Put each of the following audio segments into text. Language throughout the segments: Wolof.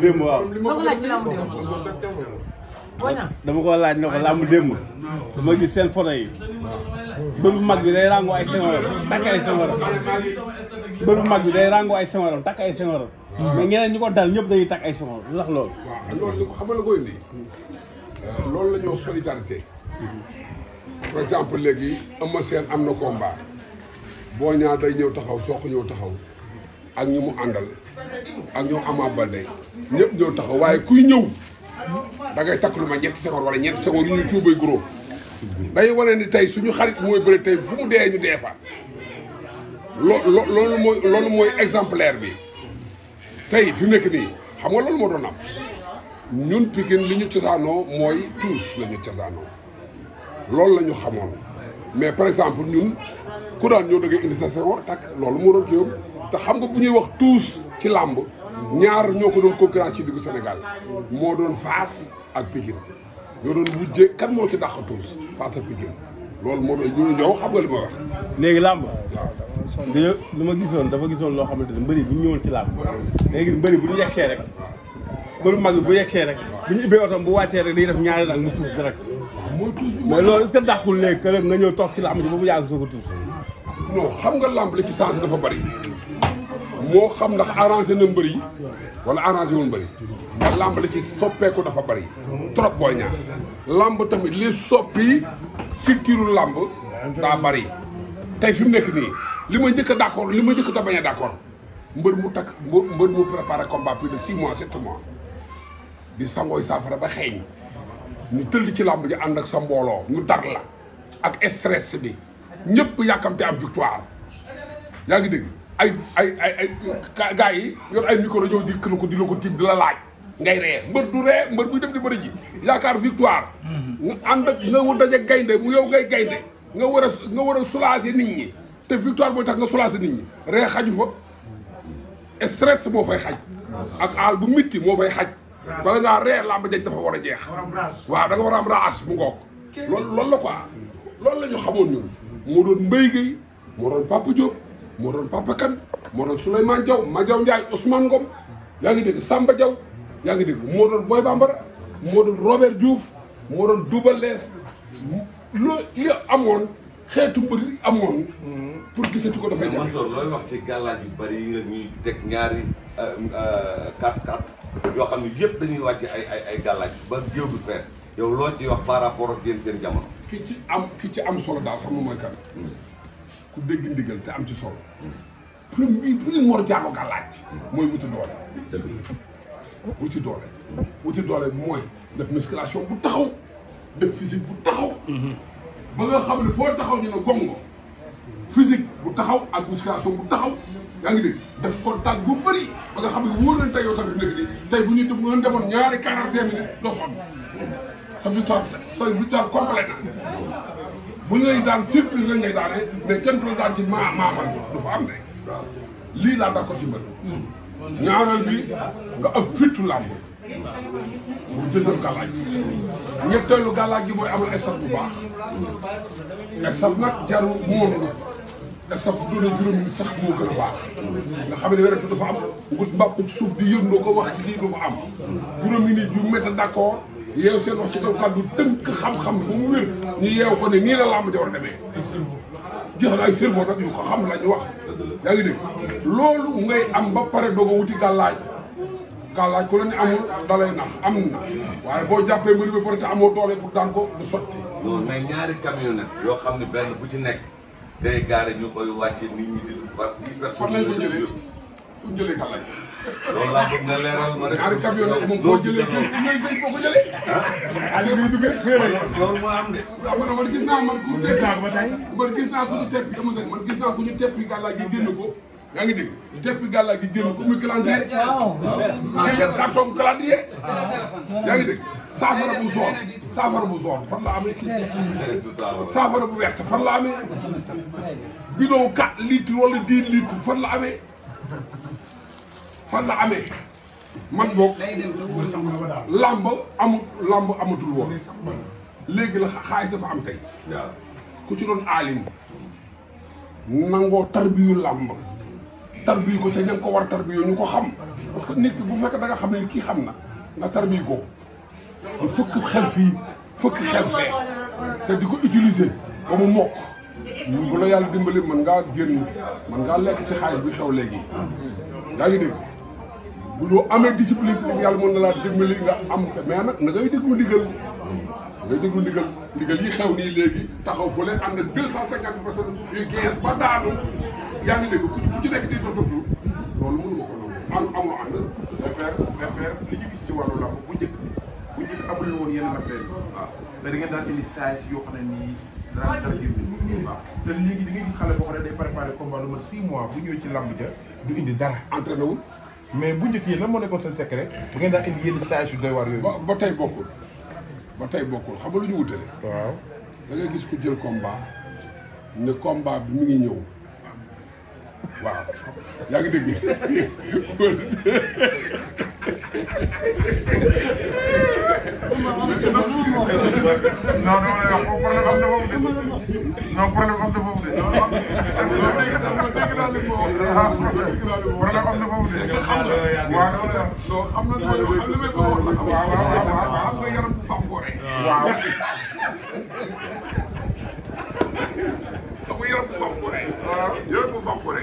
démb waaw. dama ko laaj ne ko làmb démb. dama gis seen photo yi. bër bu mag bi day ràngoo ay sengoram takk ay sengoram. bër bu mag bi day ràngoo ay sengoram takk ay sengoram. mais ñeneen ñi ko dal ñëpp dañuy takk ay sengoram lu tax loolu. waaw loolu li ko xamal la koy indi. Euh, loolu la ñoo solidarité. par exemple léegi Eumeu Sène am na combat. boo ñaar day ñëw taxaw Sokh ñëw taxaw. ak ñi mu àndal. ak ñoom Ama Baldé ñëpp ñoo taxaw waaye kuy ñëw da takk lu ma ñetti seconde wala ñetti seconde yu ñuy tuubay gros day wane ni tey suñu xarit mooy bëri tey fu ñu dee fa loo loolu mooy loolu mooy exemplaire bi tey fi nekk nii xam nga loolu moo doon am ñun Pikine li ñu cosaanoo mooy tous lañu cosaanoo loolu la xamoon mais par exemple ñun ku daan ñëw da ngay indi sa seconde takk loolu moo doon kii te xam nga bu ñuy wax tous. ci làmb ñaar ñoo ko doon concurrence ci diggu senegal moo doon Fass ak Pikine ñoo doon wujje kan moo ci dàq tuus Fass ak Pikine loolu moo doon ñu ñëw xam léegi làmb. waaw dañoo lu ma gisoon dafa gisoon loo xamante ne mbëri bu ñu ñëwoon ci làmb. léegi mbëri bu ñu yegsee rek. mbëru mag bu yegsee rek. bu ñu ubbee bu wàccee rek dañuy def ñaari nag mu tuus direct. mooy tuus bi mooy loolu est-ce que ci làmb ji ba mu yàgg soo ko tuus. non xam nga làmb li ci sens dafa bari. moo xam ndax arrangé na mbër yi wala arrangé wul mbër yi ndax làmb la ci soppeeku dafa bari trop booy ñaar làmb tamit li soppi culture làmb daa bari tey fi mu nekk nii li ma njëkk a li ma njëkk a bañ a d'accord mbër mu takk mbër mu préparé combat plus de six mois sept mois di sangooy saafara ba xeeñ ñu tëll ci làmb ji ànd ak sa mbooloo ñu dar la ak stress bi ñëpp yàkkamte am victoire yaa ngi dégg ay ay ay ay a yi yor ay micro ñëw di la ko di la ko tiib di la laaj ngay ree mbër du ree mbër dem di bëri ji yaakaar victoire nga ànd war daje gaynde mu yow ngay gaynde nga war a nga war a soulager nit ñi te victoire mooy nga soulager nit ñi ree xaju fa stress moo fay xaj ak aal bu mitti moo fay xaj bala ngaa ree làmb jaj dafa war a jeex waa da nga war a am raas bu ngoog loolu loolu la quoi loolu la ñu xamoon ñun moo doon Mbaye Guèye moo doon Papa Diop moo doon Papa Kane moo doon Souleymane Diaw Madiaw Ndiaye Ousmane Ngom ñaa ngi dégg sàmba jaw ñaa ngi dégg moo doon Boy Bambara moo doon Robert Diouf moo doon Double Less loo li amoon xeetu mbër yi amoon pour gisatu ko dafay jafe. Mansour looy wax ci gàllaaj yu bari yi nga teg ñaari euh, quatre quatre yoo xam ne yëpp dañuy wàcc ay ay ay gàllaaj ba géew bi fees yow loo ci wax par rapport ak yéen seen jamono. ki ci am ki ci am solo daal xam nga mooy kan. Hmm. ku dégg ndigal te am ci solo premier primordial ga laaj mooy wuti doole wuti doole wuti doole mooy def musculation bu taxaw def physique bu taxaw mhm. ba nga xam ne foo taxaw ñu ne gongo physique bu taxaw ak musculation bu taxaw yaa ngi dégg def contact bu bëri ba nga xam ne wóor nañ tey yow bu ñuy def nga ñaari quarante cinq minutes doo sa victoire sa victoire complète bu ñu lay daan surprise lañ lay daanee mais kenn du la daan ci maa maa man du fa am ne lii laa d'accord ci mbër ñaareel bi nga am fittu làmb bu deuxième gàllaaj ñetteelu gàllaaj gi mooy amal staff bu baax staff nag jaru moom la staff bu doonee juróom nit sax moo gën a baax nga xam ne weretu dafa am ngut mbàpp ci suuf di yëndoo ko wax ci lii du fa am juróom nit yu métti d'accord yeew seen wax ci kaw kàddu tënk xam-xam bu mu wér ñu yeew ko ne nii la làmb ji war a demee jeex na ay serveur nag yu ko xam la ñu wax yaa ngi dégg loolu ngay am ba pare doog wuti gàllaaj gàllaaj ku la ne amul dalay nax am na waaye boo jàppee mbir bi peut-être amoo doole pour daan ko du sotti non mais ñaari camionnette yoo xam ne benn bu ci nekk day gaare ñu koy wàcce nit ñi di par dix personnes fu ñu jëlee gàllaaj loolu laa bëgg nga leeral ma rek. ànd camion moom boo jëlee ñooy sëñ boo ko jëlee. ah bi dugg rek loolu moo am de. waaw man gis naa man ku tepp man gis naa ku ñu tepp bi man gis naa ku ñu tepp bi gàllaa gi génn ko. yaa ngi dégg tepp bi gàllaa gi génn ko muy calendrier. waaw waaw carton calendrier. yaa ngi dégg saafara bu zone saafara bu zone fan la amee. saafara bu wert fan la amee. bidon 4 litres wala 10 litres fan la amee. fan la amee man boog làmb amut làmb amatul woon léegi la xaalis dafa am tey ku ci doon aalim nangoo tarbiyu làmb tarbiyu ko ca ña ko war tarbiyu ñu ko xam parce que nit ki bu fekk da nga xam ne kii xam na nga tarbiyu ko du fëkk xel fii fëkk xel fee te di ko utiliser ba mu mokk bu la yàlla dimbali mën ngaa génn mën ngaa lekk ci xaalis bi xew léegi yaa ngi dégg bu ñu amee discipline tamit yàlla mën na laa dimbali nga am te mais nag na ngay déglu ndigal na ngay déglu ndigal ndigal yi xew nii léegi taxaw fële am na deux cent cinquante personnes yu quinze ba di ko am amul ànd mais père mais bu njëkk bu woon yenn matériel waaw ah. da ngeen daan indi saa si yoo xam ne nii dara dara jëm waaw ah. te léegi da gis xale boo xam ne day préparé combat lu ma six mois bu ñëwee ci làmb ja du indi dara entraîné wul mais bu njëkk yéen na moo nekkoon seen secret bu ngeen daa indi yenn saa yu doy waar yooyu. ba ba tey bokkul ba tey bokkul xam nga lu ñu wutale. waaw da ngay ne combat bi mu ngi ñëw. waaw yaa ngi dégg non non yow problème am na foofu de. non problème am na foofu de. problème am na foofu de. waaw loolu la. non xam na loolu xam na may ko wax la. waaw waaw xam nga yaram bu fam gore. waaw. xam nga yaram bu fam gore. waaw yaram bu fam gore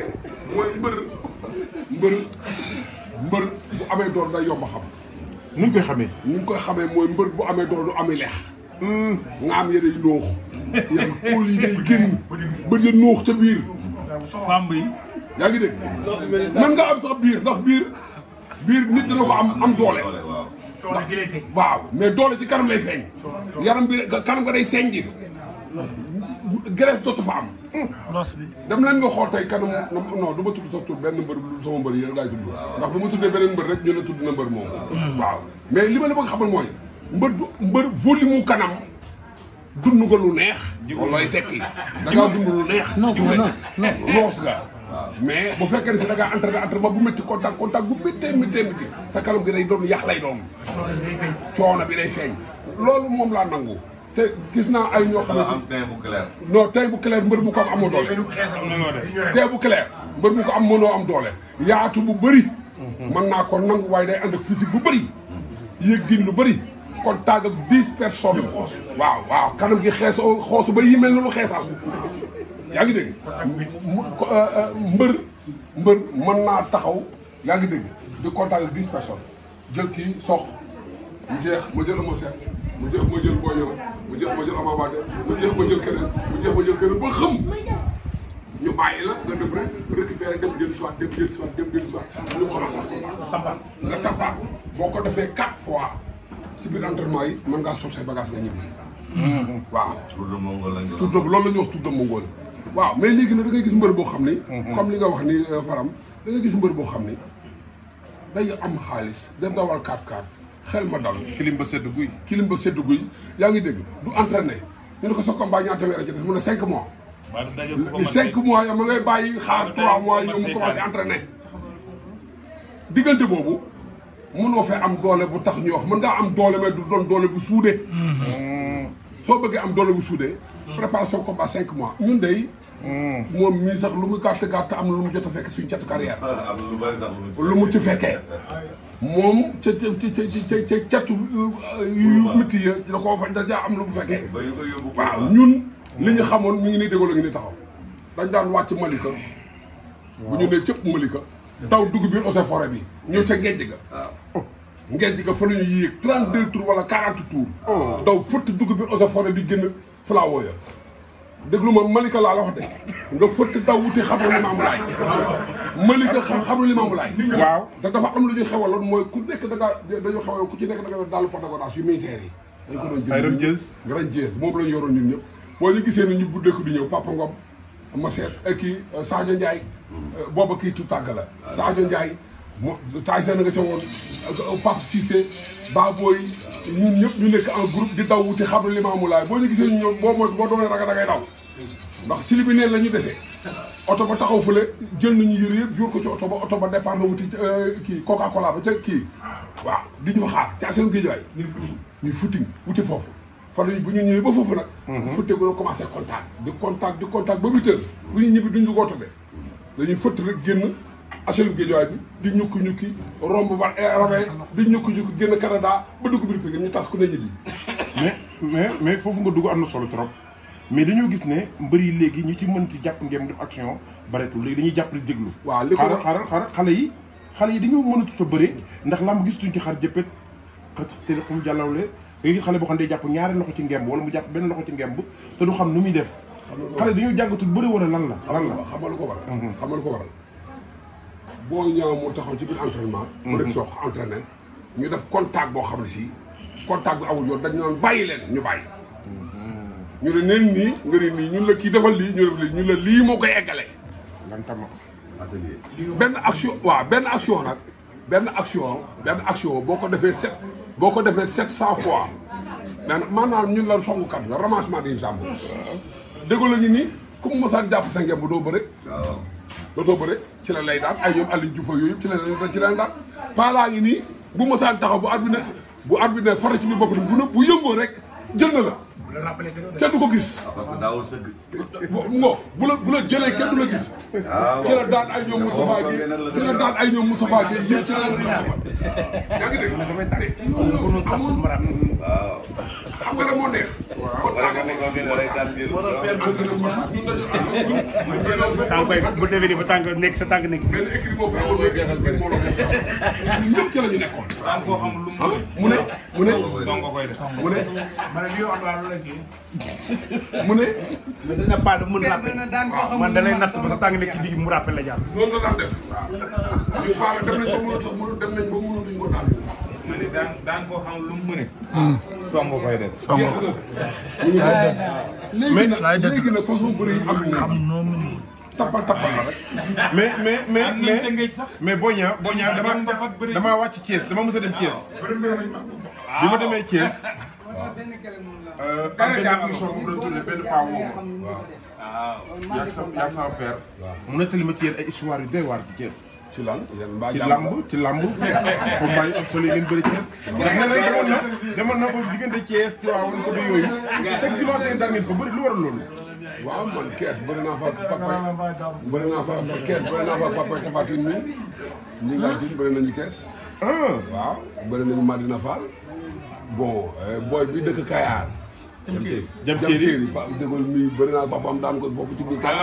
mooy mbër. mbër mbër bu amee doon day yomb xam. nu ngi koy xamee nu ngi koy xamee mooy mbër bu amee doole ame amee leex hmm. nga am yére yu noox yi day génn bët ya noox ca biir pamb yi yaa ngi dégg mën nga am sax biir ndax biir biir nit dina ko am am doole ndax waaw mais doole ci kanam lay feeñ yaram bi kanam nga day seeñ ji graisse fa am Hmm. los bi dem leen nga xool tey kanam non du ma tudd sa tur benn mbër lu sama mbër yéen daay tudd ndax bu ma tuddee beneen mbër rek ñu moom hmm. waaw mais li ma la bëgg xamal mooy mbër du mbër volume mu kanam dund nga lu neex looy tekki da ngaa dund lu neex noos noos nga mais bu fekkee ne si da ngaa entraîné entraînement bu métti contact contact bu méttee méttee métti sa kanam gi day doon yàq lay doon coono bi day feeñ loolu moom laa nangu te gis naa ay ñoo xam ne si tey bu clair. non bu clair mbër mu ko am amoo doole. tey bu clair mbër mu ko am mënoo am doole. yaatu bu bëri. mën naa ko nangu waaye day ànd ak physique bu bëri. yéeg din lu bëri. kon taag ak dix personnes. waaw waaw kanam gi xees xoosu ba yi mel na lu xeesal. yaa ngi dégg euh, euh, mbër mbër mën naa taxaw yaa ngi dégg di contact ak dix personnes jël kii sox mu jeex ma jël ma seet mu jeex ma jël Boy Niang mu jeex ma jël Ama Baldé mu jeex ma jël keneen mu jeex ma jël keneen ba xam ñu bàyyi la nga dem rek récupéré dem jël soit dem jël soit dem jël soit ñu nga sampal boo ko defee quatre fois ci biir entraînement yi mën ngaa sol say bagage nga ñibbi. waaw. tour de Mongol la la ñuy wax tour de Mongol. waaw mais léegi nag da ngay gis mbër boo xam ni. Mhm. comme li nga wax ni euh, Faram da gis mbër boo xam ni day am xaalis dem dawal 4 x xel ma dal kilim ba sedd guy kilim ba sedd guy yaa ngi dégg du entraîné ñu ne ko sa combat ñaata weer a ci des mu ne cinq mois li cinq mois ya ma ngay bàyyi xaar trois mois yow mu commencé entraîné diggante boobu mënoo fee am doole bu tax ñuy wax mën ngaa am doole mais du doon doole bu suudee mm-hmm. soo bëggee am doole bu suudee préparation combat cinq mois ñun dey Hmm. moom mii sax lu mu gàtt gàtt am na lu mu jot a fekk suñ catu carrière. Ah, am lu bari sax lu mu ci fekkee. moom ca ca ca ca catu yu métti ya da koo fa da am lu mu fekkee. waaw ñun li ñu xamoon mu ngi nii déggoo la ngi ni taxaw. dañ daan wàcc Malika. bu ñu nee cëpp Malika. daw dugg biir eaux et forêt bi. ñëw ca ngejj ga. waaw ngejj ga fa la ñu yéeg. 32 tours wala 40 tours. daw futti dugg biir eaux et forêt bi génn flawo ya déglu ma Malika laa la wax de nga fëtt daw wuti xabru Limaamu Laay Malika xabru Limaamu Laay waaw te dafa am lu ñu xewaloon mooy ku nekk da ngaa dañu xewaloon ku ci nekk da nga yor daalu Pythagoras yu militaire yi dañ ko doon jël ran jës ran jës moom lañu yoroon ñun ñëpp boo ñu gisee ni ñu bu dëkk bi ñëw Papa Ngom Maseer eh, kii eh, Sadio Ndiaye eh, booba kii tu tàgg la Sadio Ndiaye mo taay seen nga ca woon Pape Cissé Baboy ñun ñëpp ñu nekk en group di daw wuti xabru limaamu laay boo ñu gisee ñu ñoom boo mooy boo doonee ragal da ngay daw ndax sili bi neen la ñu desee oto ba taxaw le jël nañu yëre yëpp jóor ko ci oto ba oto ba départ na wuti euh, kii coca cola ba ca kii waaw di ñu fa xaar ci seen géejawaay ñuy footing wuti foofu fa lañu bu ñu ñëwee ba foofu nag futteeku mhm. la commencé contact di contact di contact ba huit heures bu ñu ñibbi duñu wootu de dañuy fëtt rek génn HLM Guédiawaye bi di ñukki ñukki romb va ravee di ñukki ñukki génn Canada ba dugg biir Pikine ñu tas ku ne ñibbi. mais mais mais foofu nga dugg am na solo trop mais dañoo gis ne mbër yi léegi ñu ci mënti jàpp ngeen di action bareetul léegi dañuy jàpp di déglu. waaw li ko xaaral xale yi xale yi dañoo mënatut a bëre ndax làmb gisatuñ ci xar jëppet xat te comme jàllawle nga xale boo xam ne day jàpp ñaari loxo ci ngemb wala mu jàpp benn loxo ci ngemb te du xam nu muy def. xale dañoo jàngatul bëri wala lan la lan la xamal ko waral mm-hmm. xamal boo ñëw moo taxaw ci biir entraînement. mu nekk sox entraîné ñu def contact boo xam ne si contact bi awul yoon dañu doon bàyyi leen ñu bàyyi. Mhm. ñu ne neen nii nga ne nii ñun la kii defal lii ñu def lii ñun la lii moo koy eggalee. benn action waaw benn action nag benn action benn action boo ko defee sept boo ko defee sept cent fois mais maanaam ñun la songukat la ramassement des jambes. dëgg la ñu ni comme mosaan jàpp sa ngemb doo bëre. dootoo bëre ci la lay daan ay ñoom Aliou Diouf yooyu ci la lay ci la lay daan bu mosaan taxaw bu arbitre bu arbitre fara ci biir boppam bu nëb bu yëngoo rek jël na la. kenn du ko gis. parce que daawul sëgg. non bu la bu la jëlee kenn du la gis. ci la daan ay ñoom Moussa Ba ci la daan ay ñoom Moussa Ba Gueye yëpp ci la la daan. yaa ngi dégg. xam nga moo neex. kon nga bu déwénee ba tànk nekk sa tànk nekk. benn écrit boo fa amoon benn mbooloo ñëpp ci la ñu nekkoon. daan koo xam mu ne mu ne mu ne. ma ne yow Abdoulaye la kii. mu ne. dañ na pas mën rappel man ba sa tànk nekk ci mu rappel la jàll. ma ne daan daan koo xam lu mu mën a. Hmm. song koy def. song ko léegi nag léegi nag façon bëri yi am xam noo mën tapal tapal la rek. mais mais mais mais mais Boña Boña dama dama wàcc Thiès dama mës a dem Thiès. Ah, bi ma demee Thiès. par euh, exemple émission bu mu doon tourné benn paa woo ma. waaw. yaag sa yaag sama père. waaw mu nettali ma ci yéen ay histoire yu doy waar ci Thiès. ci lan ci lamb ci lamb combat yi absolu ngeen bëri Thiès ndax nee na demoon na demoon na ba diggante Thiès Tivaouane ko yooyu chaque dimanche dernier fa bëri lu waral loolu waaw man kees bëri naa fa papay bëri naa fa kees bëri nañu kees ah. waaw bëri nañu Madina Fall booy eh, bi dëkk Kayar jam teeri jam teeri ba dégol mi bëri naa boppam daan ko foofu ci biir ka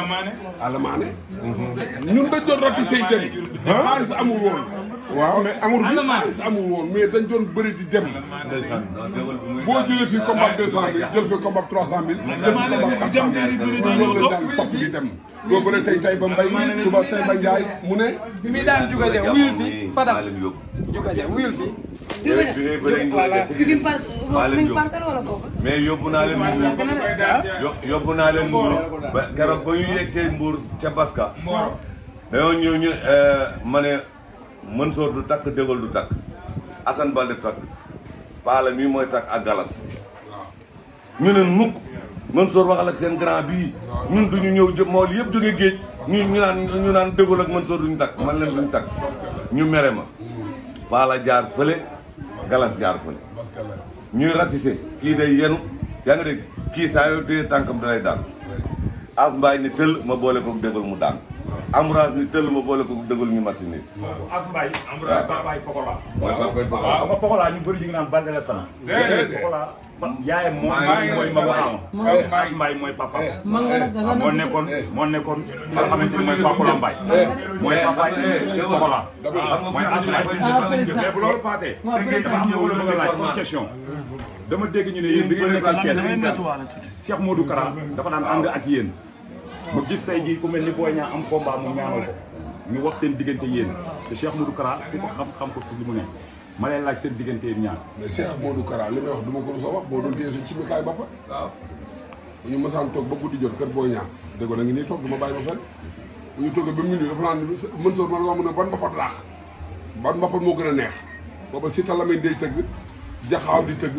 alamaane mhm. ñun dañ doon roti say dem xaalis amul woon waaw mais amul bi xaalis amul woon mais dañ doon bëri di dem boo jëlee fii combat deux cent mille jël fi combat trois cent mille jël fi combat quatre cent mille loolu lañ daan topp di dem boo bëree tey tey ba mbay suba tey ba njaay mu ne bi muy daan jugaje wuyul fi fadam jugaje wuyul fi bi ngay bëree ngelaw nga tëjee maa leen yóbbu mais yóbbu naa leen mbuur yóbbu naa leen mbuur ba keroog ba ñu yegtee mbuur ca Baska. dañoo ñëw ñu ma ne Mansour du takk Dégol du takk Assane Balde takk Paala mii mooy takk ak Galas ñu ne mukk Mansour waxal ak seen grand bii ñun duñu ñëw jë mool yëpp jóge géej ñu ñu naan ñu naan Dégol ak Mansour duñu takk man leen duñu takk ñu mere ma Paala jaar fële. galas jaar fële ñuy ratissé kii day yenu yaa ngi dégg kii saa yoo téye tànkam dalay daan as mbaay ni tëll ma boole ko déglu mu daan ambrage ni tëll ma boole ko déglu ñu match nii as mbaay ambrage baay pokola mooy baay pokola ñu bëri ñu ngi naan bandela sana yaayam moo mooy mama am mbaay mooy papa eh. ah, moo nekkoon eh. moo nekkoon nga xamante ni mooy Pakola Mbaye eh. mooy papa Pakola mooy Abdoulaye mais bu loolu passé dafa am lu ma bëgg a laaj une question dama dégg ñu ne yéen bi ngeen nekkee Thiès Cheikh Modou Kara dafa daan ànd ak yéen ma gis tey jii ku mel ni Boy Niang am combat mu ñaanal ko ñu wax seen diggante yéen te Cheikh Modou Kara ku ko xam xam ko fi li mu ne ma leen laaj seen digganteeg ñaar. mais moo Modou Kara li may wax du ma ko mos a wax boo doon téye suñ ci mikaay bappa. waaw bu ñu masaan toog ba guddi jot kër boo ñaar dëgg la ngi nii toog du ma bàyyi ma fenn. ñu toogee ba minuit dafa mën soor ma la wax mu ne ban mbappat laax moo gën a neex booba si talamin day tëgg jaxaaw di tëgg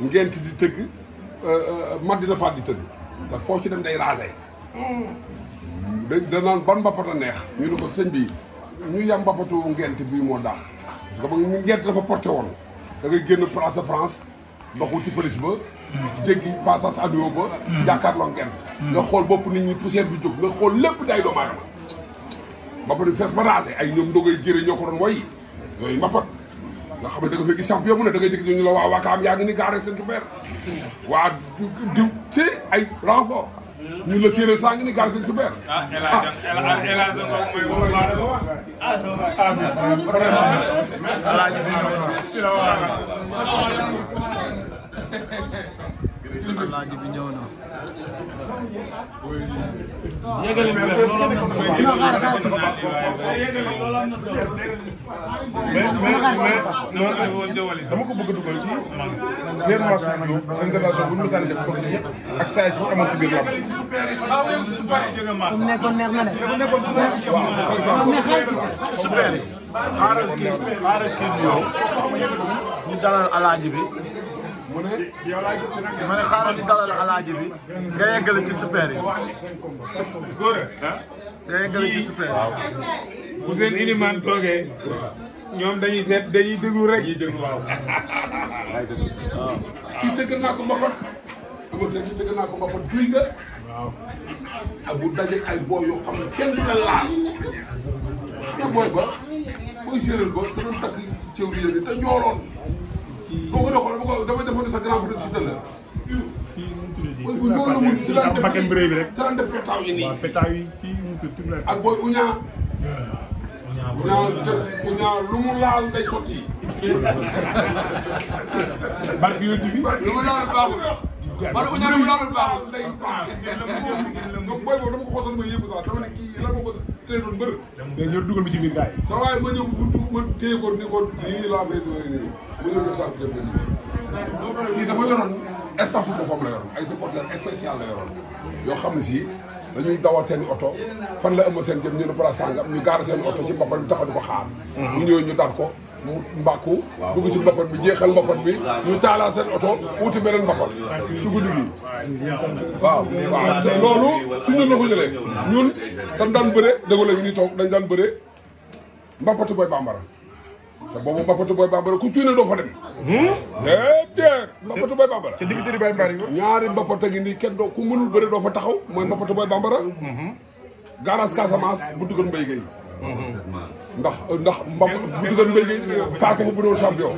ngent di tëgg euh, euh, mat di faat di tëgg te foo ci dem day raasé da da ba ban mbappat a neex ñu ne ko sëñ bi ñu yam mbappatu ngent bii moo daax parce que ba ñu ngent dafa porté woon da ngay génn place de France ndox wuti police ba jéggi passage adio ba hmm. jàkkaarloo ngent hmm. nga xool bopp nit ñi poussière bi jóg nga xool lépp day doomu aadama ba pare fees ba raase ay ñoom ndogay jëre ñoo ko doon woy yooyu mbapat nga xam ne da nga fay gis champion bu ne da ngay jékki ñu la waa yaa ngi ni gaare seen super hmm. waa diw ci ay renfort ñun la séeréer sang ni gar seen super. ah El Hadj El Hadj mooy ah alaaji bi ñëw na. yëgale bi rek loolu am na solo. non xaaral xaaral loolu am na solo. mais mais dama ko bëgg a dugal ci. weer mois suñu jiw seen génération bu ñu mosaan def ko yëpp ak saa yi amoon ci biir làmb. fu mu nekkoon neex na de. xaaral kii xaaral kii bi yow ñu dalal alaaji bi. mu ne ma ne xaaral di dalal alaaji bi nga yeggale ci super yi nga yeggale ci super yi bu seen ilimaan toogee ñoom dañuy seet dañuy déglu rek dañuy déglu waaw kii tëgg naa ko mbapat ama seen kii tëgg naa ko mbapat duy sa ak bu daje ay booy yoo xam ne kenn dina laal te booy ba booy séeréer ba te doon takk cëw yi te njooloon boo ko doon xool bu ko damay defoon ne sa grand frère si tëdd la. loolu la mun si lan def si lan def petaaw yi nii. ak booy uñaa. uñaa uñaa lu mu laal day sotti. barke yooyu bi. lu mu laal baaxul. man uñaa lu mu laal baaxul day ah, baax. donc booy boobu dama ko xoosoon mooy yëpp sax dama ne kii la ma ko téye doon mbër. mais ñoo dugal ma ci biir gars yi. sa waay ma ñëw ma téye ko ni ko lii laa fay doon bu ñu def ak jëm nañu kii dafa yoroon staff boppam la yoroon ay supporters spécial la yoroon yoo xam ne si dañuy dawal seen oto fan la ëmb seen jëm ñu ne bara sàngam ñu gaar seen oto ci boppam taxaw di ko xaar. mu mhm. ñu dar ko. mu mbàkku dugg ci mbappat bi jeexal mbappat bi ñu taalaa seen oto wuti beneen mbappat ci guddi gi waaw waaw te loolu ci ñun la ko jëlee ñun dañ daan bëre dëgg la ñu toog dañ daan bëre mbappatu boy bambara te boobu mbappatu booy bambara ku cuune doo fa dem. Hmm? déedéet mbappatu booy bambara. te digg tëri bay mbaar yi ñaari mbappatu ngi nii kenn doo ku mënul bëri doo fa taxaw mooy mbappatu booy bambara. Hmm. garage Casamance bu duggoon mbéy ndax ndax mbam bu dugal mbéy gi faako fa bu doon champion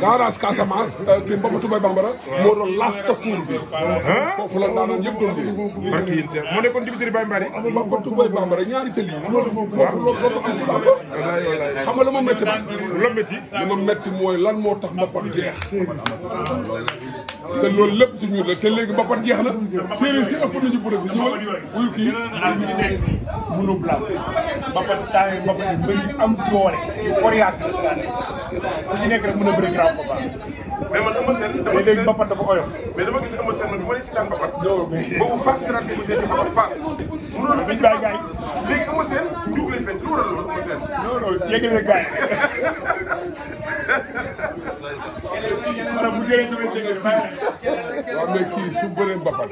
garage Casamance euh, kii mbamatu bay bambara moo doon last cour bi foofu la daanaan yëpp doon dee barki yi mu nekkoon dibiteri bay mbari mbamatu bay bambara ñaari tëli loolu loolu ko am ci làmb xam nga la ma métti nag la métti li ma métti mooy lan moo tax mbapat jeex te loolu lépp ci ñun la te léegi mbapat jeex na séeréer si ëpp nañu bëri fi ñëwal wuyu kii mënoo blanc ba pare temps yii ba pare mbëri am doole yu coriace bi la ku ci nekk rek mën a bëri grand combat. mais man Eumeu Sène dama léegi mbapat dafa oyof. mais dama gis ne Eumeu Sène man bi ma lay si daan mbapat. boobu face grand bi mu jëlee mbapat face. mënoon na fi ñu bàyyi gars yi léegi Eumeu Sène njuug lay fekk lu waral loolu Eumeu Sène. non non yéegal na gars yi. maanaam bu jëlee sama séeréer bàyyi waaw mais kii su bëree mbapat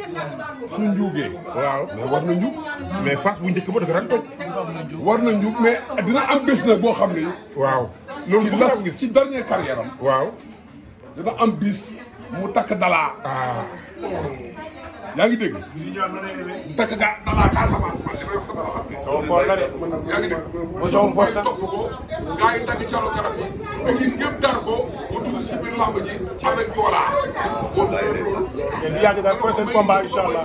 su njuugee. waaw mais war na njuug. mais Fass bu njëkk ba dëgg ran toj. war nañu mais dina am bés nag boo xam ne. waaw loolu la gis ci dernier carrière am. waaw dina am bis mu takk dalaa. Ah. yaa ngi dégg. mu takk ga dalaa Casamance man li may wax dama la xam ne. sama pool la de yaa ngi dégg. sama pool sax topp ko. gars yi dagg caro garab yi. te ñun ñëpp dar ko mu dugg si biir làmb ji avec Joola. moom la loolu. te di yàgg daal prochain combat incha allah.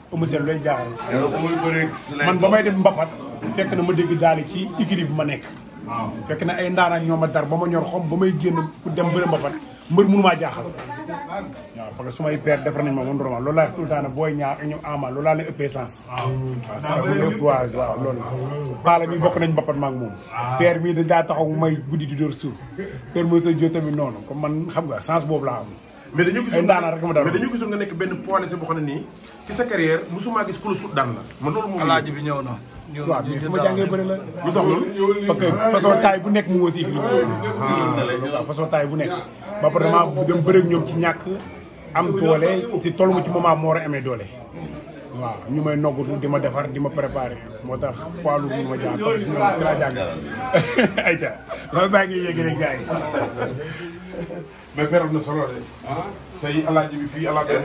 Eumeu Sène looy jaaxal. man ba may dem Mbapat. fekk na ma dégg daal ci écurie bi ma nekk. fekk na ay ndaanaan ñoo ma dar ba ma ñor xom ba may génn pour dem bëri Mbapat mbër mënu maa jaaxal. waaw parce que su may père defar nañ ma moom normal loolu laa tout booy ñaar ak ñoom ama loolu laa leen ëppee sens. waaw sens bu ëpp waaw waaw bokk nañ Mbapat ma moom. père bi dañ taxaw may guddi di dóor suuf. père Moussa Diop tamit xam nga sens boobu laa am. mais dañu ay ndaanaan rek ma dar mais dañu gisul nga nekk benn poids bu xam nii ci sa carrière musuma gis ku la sut daan la. man loolu moom bi ñëw na. ñëw waaw mais fu ma jàngee bëri la. lu tax loolu. parce que ah, façon taay bu nekk mu ngi aussi. Ah. waaw façon taay bu nekk. ba pare damaa dem bëri ñoom ci ñàkk am doole te tollu ma ci moment moo war amee doole. waaw ñu may noggatu di ma defar di ma préparé moo tax poids lu mu ma jaar toog si ñoom ci laa jàngal ayca loolu baa ngi yëgalee gars yi. mais